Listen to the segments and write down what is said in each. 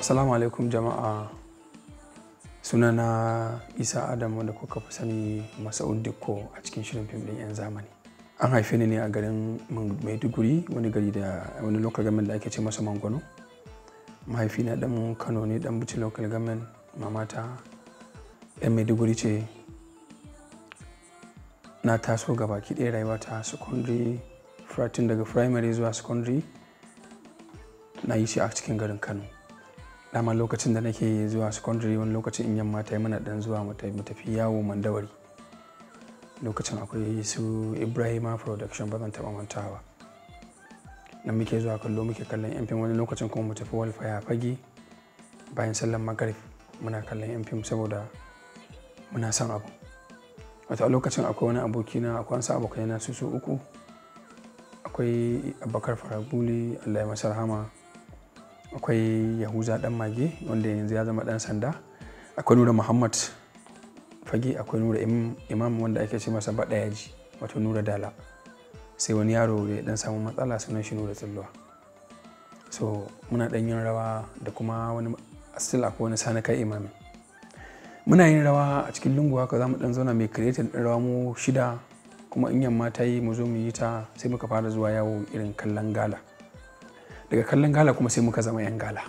Assalamu alaikum jama'a sunana Isa Adamu da kuka fi sani Masa'ud Dikko a cikin shirin fim din 'yan zamani. An haife ni ne a garin Maiduguri wani gari da wani local government da ake ce masa Mangwano. Mahaifina dan Kano ne ɗan Bici local government mamata 'yan Maiduguri ce na taso ga baki ɗaya rayuwa ta secondary fratin daga primary zuwa secondary na yi shi a cikin garin Kano. dama lokacin da nake zuwa secondary wani lokacin in yamma ta yi mana dan zuwa mu tafi yawo mandawari lokacin akwai su ibrahima production ba zan taɓa mantawa nan muke zuwa kallo muke kallon yan fim wani lokacin kuma mu tafi walfaya fage bayan sallan magrib muna kallon yan fim saboda muna son abu Wata lokacin akwai wani aboki na akwai wani abokai na su su uku akwai abakar farabuli allah ya masa rahama akwai yahuza dan mage wanda yanzu ya zama dan sanda akwai nura muhammad fage akwai nura imam wanda ake ce masa baɗayaji wato nura dala sai wani yaro da ya dan samu matsala sunan shi nura tsulluwa so muna dan yin rawa da kuma wani still akwai wani sanaka imami muna yin rawa a cikin lungu haka za mu dan zauna mai kiretin din rawa mu shida kuma in yamma ta yi mu zo mu yi ta sai muka fara zuwa yawo irin kallon gala daga kallon gala kuma sai muka zama 'yan gala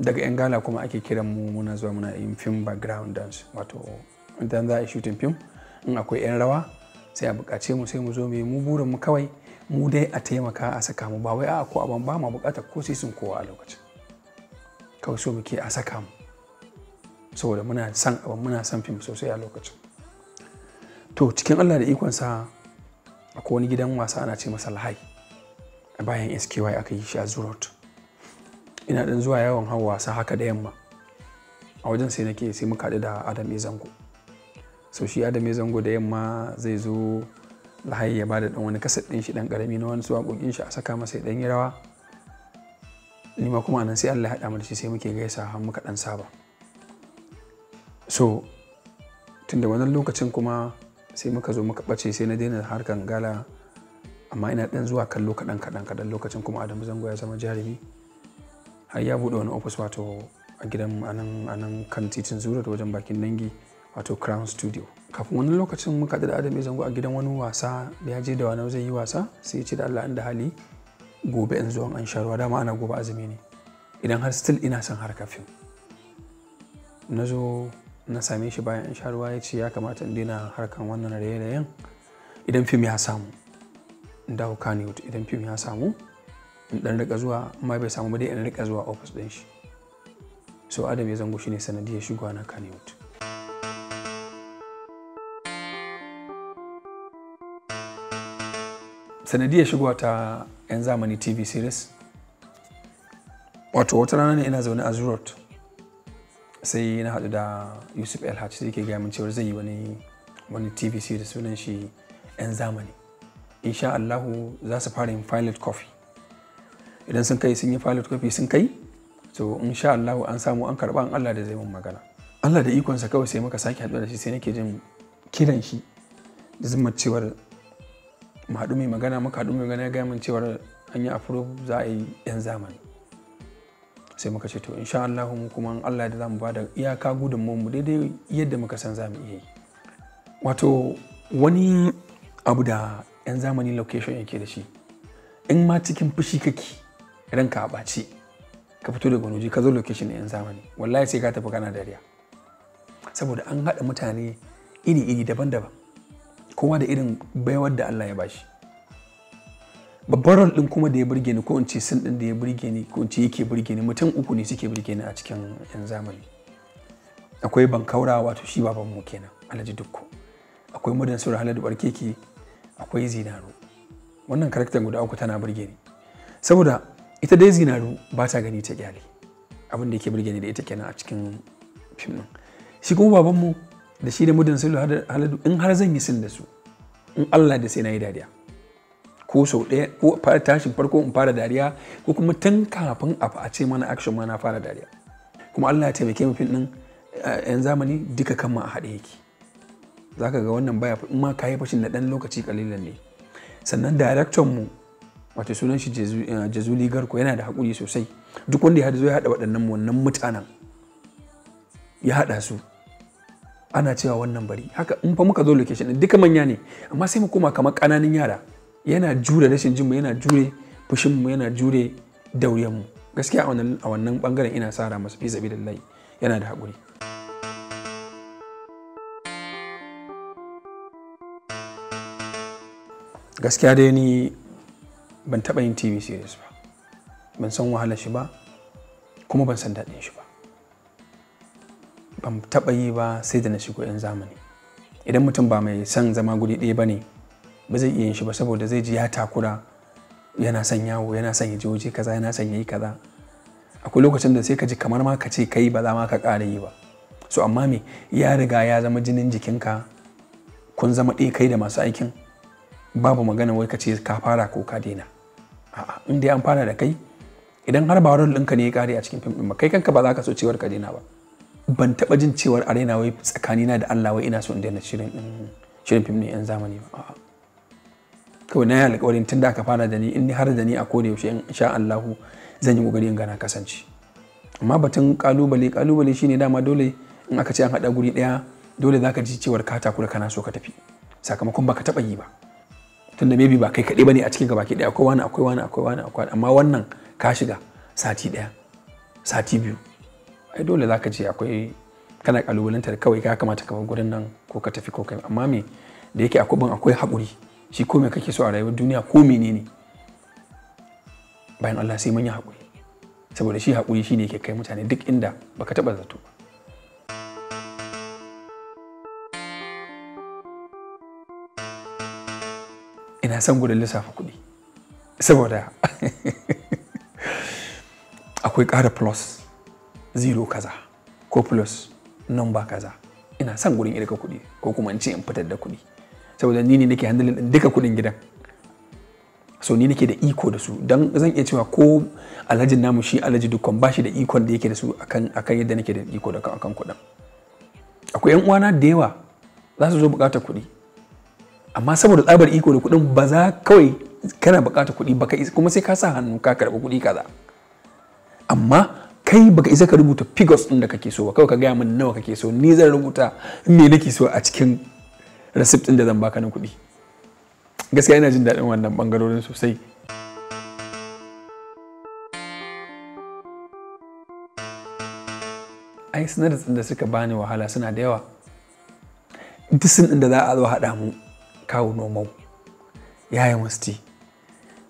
daga 'yan gala kuma ake kiran mu muna zuwa muna yin film background dance wato idan za a yi shooting film in akwai 'yan rawa sai a buƙace mu sai mu zo mu burin mu kawai mu dai a taimaka a saka mu ba wai a ko abin ba ma buƙatar ko sai sun kowa a lokacin kawai so muke a saka mu saboda muna san abin muna son fim sosai a lokacin to cikin allah da ikonsa akwai wani gidan wasa ana ce masa lahai bayan sky aka yi shi a zurot ina dan zuwa yawon hau wasa haka da yamma a wajen sai nake sai muka haɗu da adam zango so shi adam zango da yamma zai zo lahayi ya bada dan wani kasa din shi dan karami na wani waƙoƙin shi a saka masa dan yi rawa ni ma kuma nan sai Allah ya haɗa mu sai muke gaisa har muka dan saba so tunda wannan lokacin kuma sai muka zo muka bace sai na daina harkan gala amma ina ɗan zuwa kallo kaɗan kaɗan kaɗan lokacin kuma adamu zango ya zama jarumi har ya buɗe wani ofis wato a gidan anan anan kan titin zura da wajen bakin dangi wato crown studio kafin wani lokacin muka da adam zango a gidan wani wasa da ya je da wani zai yi wasa sai ya ce da allah da hali gobe in zuwan an sharuwa dama ana gobe azumi ne idan har still ina son harkar fim na zo na same shi bayan an sharuwa ya ce ya kamata in daina harkan wannan raye-rayen idan fim ya samu in dawo kanewood idan fim ya samu in dan rika zuwa amma bai samu ba dai in rika zuwa ofis din shi so adam ya zango shi ne sanadiyar shigowa na kanewood sanadiyar shigowa ta 'yan zamani tv series wato wata rana ne ina zaune a zurot sai na haɗu da yusuf el sai ke gaya min cewar zai yi wani tv series sunan shi 'yan zamani insha Allahu za su fara yin pilot coffee idan sun kai sun yi pilot coffee sun kai So insha Allahu an samu an karɓa an Allah da zai mun magana Allah da ikonsa kawai sai muka sake haɗu da shi sai nake jin kiran shi da zama cewar mu haɗu mai magana muka haɗu mai magana ya gaya min cewar an yi afro za a yi yan zamani sai muka ce to insha Allah mu kuma Allah da zamu bada iyaka gudunmu mu daidai yadda muka san za mu iya yi wato wani abu da 'yan zamani location yake da shi in ma cikin fushi kake ranka a ɓaci ka fito daga wani ka zo location na 'yan zamani wallahi sai ka tafi kana dariya saboda an haɗa mutane iri-iri daban-daban kowa da irin baiwar da Allah ya bashi babban rol din kuma da ya burge ni ko in ce sun din da ya burge ni ko in ce yake burge ni mutum uku ne suke burge ni a cikin yan zamani akwai bankaura wato shi baban mu kenan alhaji dukko akwai mudan sura haladu barkeke akwai zinaru wannan karaktan guda uku tana burge ni saboda ita dai zinaru ba ta gani ta kyale abin da yake burge ni da ita kenan a cikin fim din shi kuma babanmu da shi da mudan sulu haladu in har zan yi sin da su in Allah da sai na yi dariya ko sau ɗaya ko tashin farko in fara dariya ko kuma tun kafin a ce mana action ma na fara dariya kuma Allah ya taimake mu fim din eh, yan zamani duka kanmu a haɗe yake za ka ga wannan baya in ma ka yi fashin na ɗan lokaci kalilan ne sannan daraktan mu wato sunan shi jazuli eh, garko yana da haƙuri sosai duk wanda ya hada zo ya haɗa waɗannan wannan mutanen ya haɗa su ana cewa wannan bari haka in fa muka zo location din duka manya ne amma sai mu koma kamar ƙananan yara yana jure rashin jinmu yana jure fushin mu yana jure mu gaskiya a wannan bangaren ina sara masa fi zabi yana da haƙuri gaskiya dai ni ban taɓa yin tv series ba ban san wahalar shi ba kuma ban san daɗin shi ba ban taɓa yi ba sai da na shigo 'yan zamani idan mutum ba mai son zama guri ɗaya ba ne ba zai iya yin shi ba saboda zai ji ya takura yana son yawo yana son ya jiwoji kaza yana son ya yi kaza akwai lokacin da sai ka ji kamar ma ka ce kai ba za ma ka ƙara yi ba so amma me ya riga ya zama jinin jikinka kun zama ɗaya kai da masu aikin babu magana wai ka ce ka fara ko ka daina a'a in dai an fara da kai idan har ba ɗinka ne ya kare a cikin fim ɗin ba kai kanka ba za ka so cewar ka daina ba ban taɓa jin cewar a raina wai tsakanina da Allah wai ina so in daina shirin shirin fim ne yan zamani ba a'a kawai na yi alƙawarin tun da aka fara da ni in har da ni a koda yaushe in sha Allahu zan yi kokari in gana kasance amma batun kalubale kalubale shine dama dole in aka ce an haɗa guri ɗaya dole zaka ji cewar ka takura kana so ka tafi sakamakon baka taɓa yi ba tunda maybe ba kai kaɗai bane a cikin gabaki ɗaya akwai wani akwai wani akwai wani akwai amma wannan ka shiga sati ɗaya sati biyu ai dole zaka ce akwai kana kalubalanta kawai ka kamata ka bar gurin nan ko ka tafi ko kai amma me da yake akwai ban akwai haƙuri shi ko me kake so a rayuwar duniya ko ne bayan Allah sai mun yi haƙuri saboda shi haƙuri shine yake kai mutane duk inda baka taɓa zato ba ina son gudun lissafa kuɗi saboda akwai ƙara plus zero kaza ko plus number kaza ina son gudun irka kuɗi ko kuma in ce in fitar da kuɗi saboda ni ne nake handling ɗin duka kuɗin gidan so ni nake da iko da su don zan iya cewa ko alhajin namu shi alhaji dukkan ba shi da ikon da yake da su akan akan yadda nake da iko da akan kuɗin akwai yan uwana da yawa za su zo bukatar kuɗi amma saboda tsabar iko da kuɗin ba za kawai kana bukata kuɗi baka isa kuma sai ka sa hannu ka karba kuɗi kaza amma kai baka isa ka rubuta figures ɗin da kake so ba kawai ka gaya min nawa kake so ni zan rubuta me nake so a cikin receipt ɗin da zan baka na kuɗi gaskiya ina jin daɗin wannan bangarorin sosai ai sinadarin da suka bani wahala suna da yawa duk sun da za a zo haɗa mu kawo nomau yaya masti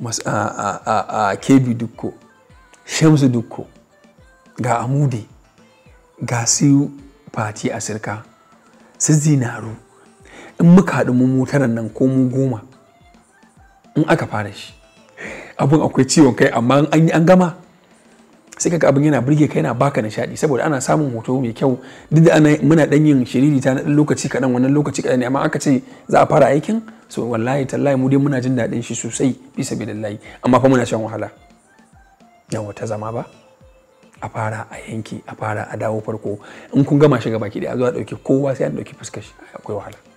mas a a a, kebi dukko shamsu dukko ga amude ga siyu fati a sirka su zinaru in muka haɗu mu taran nan ko mu goma in aka fara shi abin akwai ciwon kai amma an yi an gama sai kaga abin yana burge ka yana baka nishadi saboda ana samun hoto mai kyau duk da ana muna dan yin shiriri ta na dan lokaci kaɗan wannan lokaci kadan ne amma aka ce za a fara aikin so wallahi tallahi mu dai muna jin daɗin shi sosai bi sabilillahi amma fa muna shan wahala yawa ta zama ba a fara a yanki a fara a dawo farko in kun gama shiga baki da a zo a dauki kowa sai an dauki fuskar shi akwai wahala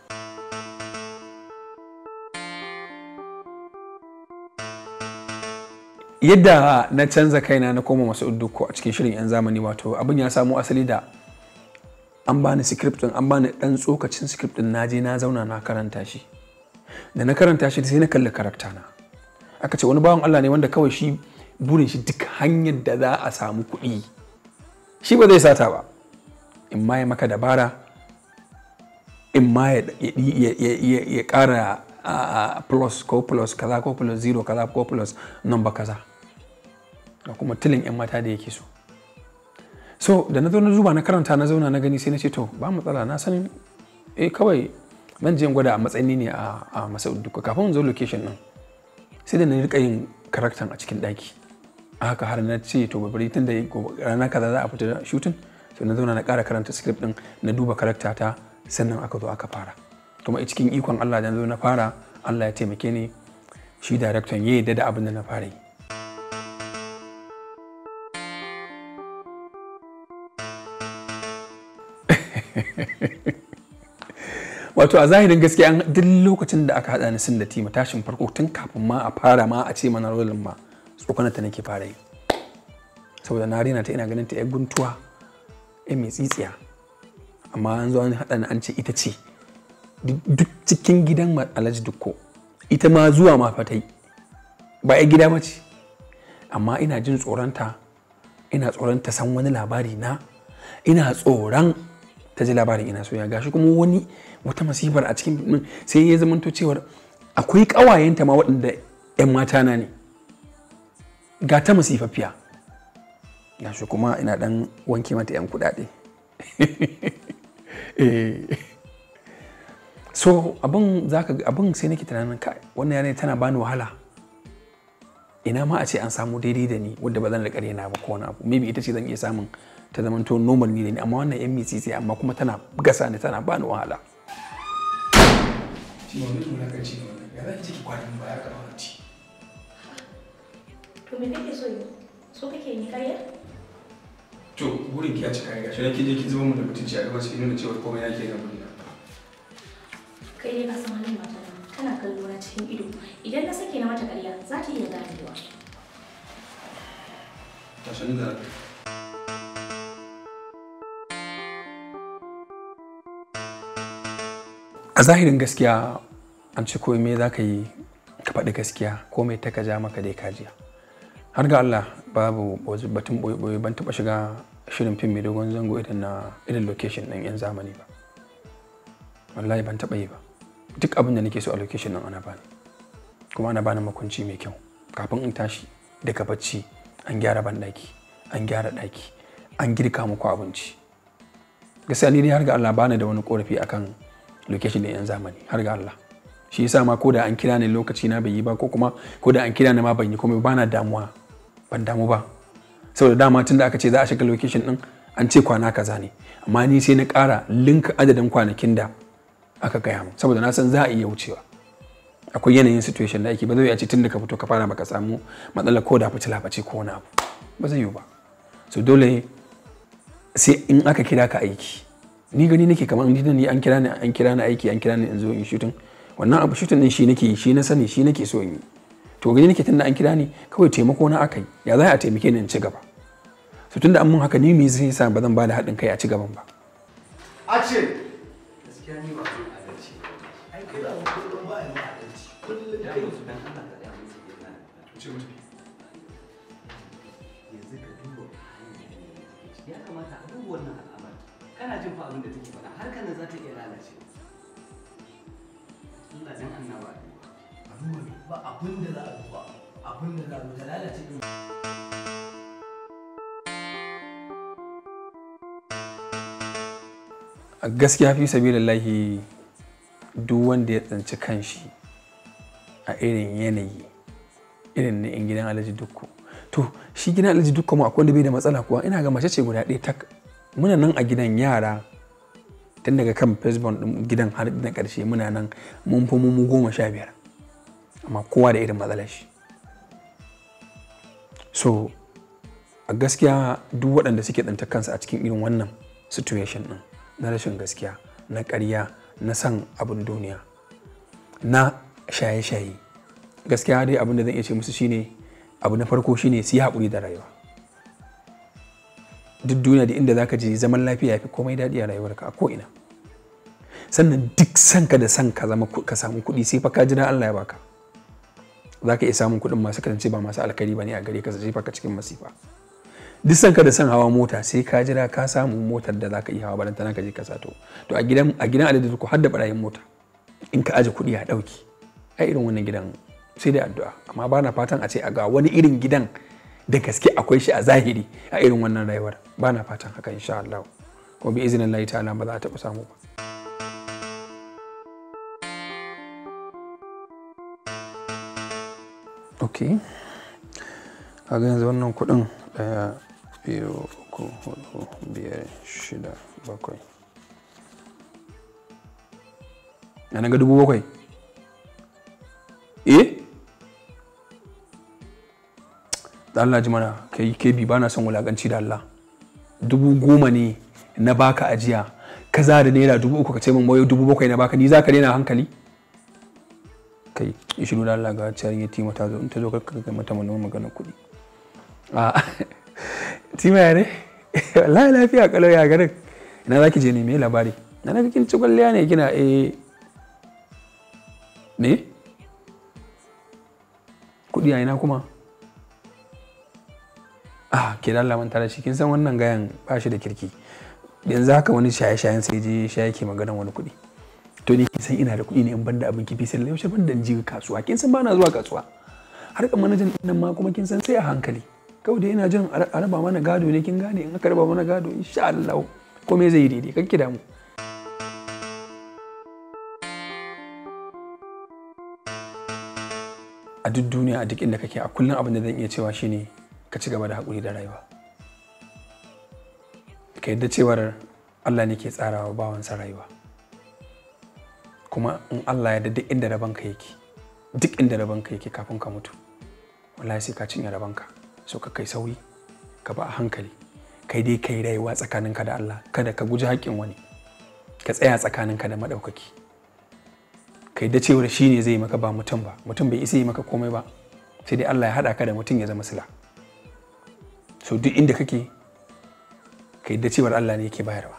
yadda na canza kaina na koma masu ko a cikin shirin 'yan zamani wato abin ya samu asali da an bani script an bani dan tsokacin script din naje na zauna na karanta shi da na karanta shi sai na kalli karakta na aka ce wani bawan Allah ne wanda kawai shi burin shi duk hanyar da za a samu kuɗi shi ba zai sata ba in ma ya maka dabara in ma ya ƙara plus ko plus kaza ko plus zero kaza ko plus number kaza da kuma tilin 'yan mata da yake so so da na zo na zuba na karanta na zauna na gani sai na ce to ba matsala na san eh kawai nan je gwada a matsayin ne a a duka kafin zo location din sai da na rika yin karaktan a cikin daki a haka har na ce to babari tun da rana kaza za a fita shooting so na zauna na kara karanta script din na duba karakta ta sannan aka zo aka fara kuma a cikin ikon Allah da na zo na fara Allah ya taimake ni shi daraktan ya yarda da abin da na fara yi wato a zahirin gaskiya duk lokacin da aka haɗa ni sun da tima tashin farko tun kafin ma a fara ma a ce mana rolin ma tsokanata nake fara yi saboda na rina ta ina ganin ta 'yan guntuwa ya mai tsitsiya amma an zo an haɗa ni an ce ita ce duk cikin gidan alhaji dukko ita ma zuwa ma fatai ba ya gida mace amma ina jin tsoronta ina tsoron ta san wani labari na ina tsoron ta ji labarin ina soya gashi kuma wani wata masifar a cikin sai ya zamanto cewar akwai ƙawayenta ma waɗanda 'yan mata na ne ga ta masifafiya gashi kuma ina ɗan wanke mata 'yan kuɗaɗe eh. so abin zaka abin sai nake tunanin kai wannan yanayi tana bani wahala ina ma a ce an samu daidai da ni wadda ba zan da ƙarya na ba ko wani abu maybe ita ce zan iya samun ta zama zamanto normal ne amma wannan yan mitsitsi e amma kuma tana gasa ni tana bani wahala to me kake so yi so kake yi kariya to gurin ki a cika ya shi je ki zama mu da mutunci a gaban cikin nuna cewa komai yake ga gurin kai dai ka san halin mata kana kallo na cikin ido idan na sake na mata ƙarya za ta iya ganewa ta sanin da a zahirin gaskiya an ci koyi me za ka yi ka faɗi gaskiya ko mai taka ja maka dai kajiya har ga Allah babu batun boye-boye ban taɓa shiga shirin fim mai dogon zango idan na irin location ɗin yan zamani ba wallahi ban taɓa yi ba duk abin da nake so a location ɗin ana bani kuma ana bani makunci mai kyau kafin in tashi daga bacci an gyara banɗaki an gyara ɗaki an girka muku abinci gaskiya ni dai har ga Allah bani da wani korafi akan location ɗin 'yan zamani har ga Allah shi yasa ma ko da an kira ni lokaci na bai yi ba ko kuma ko da an kira ni ma ban yi komai ba na damuwa ban damu ba saboda dama tun da aka ce za a shiga location ɗin an ce kwana kaza ne amma ni sai na ƙara linka adadin kwanakin da aka gaya mu saboda na san za a iya wucewa akwai yanayin situation da ake ba zai a ce tun da ka fito ka fara baka samu matsalar ko da fitila ba ce ko wani abu ba zai yiwu ba so dole sai in aka kira ka aiki ni gani nake kamar ni ni an kira ni an kira ni aiki an kira ni in zo in shooting wannan abu shooting din shi nake shi na sani shi nake so in yi to gani nake tunda an kira ni kawai taimako na akai ya za a taimake ni in ci gaba so tunda an mun haka ni me zai sa ba zan ba da haɗin kai a ci gaban ba a ce jin fa abin da take faɗa har kan nan za ta iya lalace Allah dan annaba a duba ba abin da za a duba abin da za a duba lalace din gaskiya fi sabi sabilillahi duk wanda ya tsanci kanshi a irin yanayi irin na in gidan alhaji dukku to shi gidan alaji dukku mu akwai da bai da matsala kuwa ina ga mace ce guda ɗaya tak muna nan a gidan yara tun daga kan facebook din gidan har na karshe muna nan mun fi mu goma sha biyar amma kowa da irin matsalar shi so a gaskiya duk waɗanda suke ɗanta kansu a cikin irin wannan situation ɗin na rashin gaskiya na ƙarya na san abin duniya na shaye-shaye gaskiya dai abin da zan iya ce musu shine abu na farko shine su yi haƙuri da rayuwa duk duniya da inda zaka je zaman lafiya fi komai daɗi a rayuwarka a ko'ina sannan duk sanka da san ka zama ka samu kuɗi sai fa ka jira Allah ya baka za ka iya samun kuɗin masu kasance ba masu alkari ba ne a gare ka fa faka cikin masifa duk sanka da san hawa mota sai ka jira ka samu motar da za ka iya hawa nan ka je ka sato to a gidan a gidan alade ko har da barayin mota in ka aje kuɗi a dauki a irin wannan gidan sai dai addu'a amma ba na fatan a ce a ga wani irin gidan da gaske akwai shi a zahiri a irin wannan rayuwar ba na fatan haka insha Allah kuma bi izinin Allah ta'ala ba za ta taɓa samu ba ok ga yanzu wannan kuɗin ɗaya biyu uku hudu biyar shida bakwai na ga dubu bakwai eh da Allah ji mana kai kebi ba na son wulakanci da Allah dubu goma ne na baka ajiya kaza da naira dubu uku ka ce min dubu bakwai na baka ni za ka daina hankali kai ya shiru da Allah ga ciyar ya tima ta zo in ta zo kai ga mata manon magana kuɗi a tima ya ne wallahi lafiya kalau ya garin ina za ki je ne me labari na na kin ci kwalliya ne kina eh me kuɗi a ina kuma ah ke da manta da shi kin san wannan gayan ba shi da kirki yanzu haka wani shaye-shayen sai je shaye ke maganan wani kuɗi to ni kin san ina da kuɗi ne in banda abin kifi sai yaushe ban da ji kasuwa kin san bana zuwa kasuwa har kan manajan nan ma kuma kin san sai a hankali kawai da ina jin a raba mana gado ne kin gane in aka raba mana gado insha Allah komai zai yi daidai ki damu a duk duniya a duk inda kake a kullum abin da zan iya cewa shine ka ci gaba da haƙuri da rayuwa ka yadda cewar allah ne ke tsarawa bawansa rayuwa kuma in allah ya da duk inda rabon ka yake duk inda rabon ka yake kafin ka mutu wallahi sai ka cinye rabon ka so ka kai sauyi ka ba a hankali kai dai kai rayuwa tsakaninka da allah kada ka guji haƙƙin wani ka tsaya tsakaninka da maɗaukaki kai da cewar shi ne zai maka ba mutum ba mutum bai isa yi maka komai ba sai dai allah ya haɗa ka da mutum ya zama sila so duk inda kake ka yadda cewar Allah ne yake bayarwa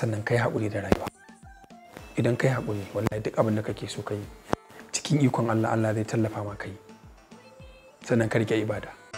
sannan kai haƙuri da rayuwa idan kai haƙuri wallahi duk abin da kake so ka yi cikin ikon Allah Allah zai tallafa ma kai sannan ka rike ibada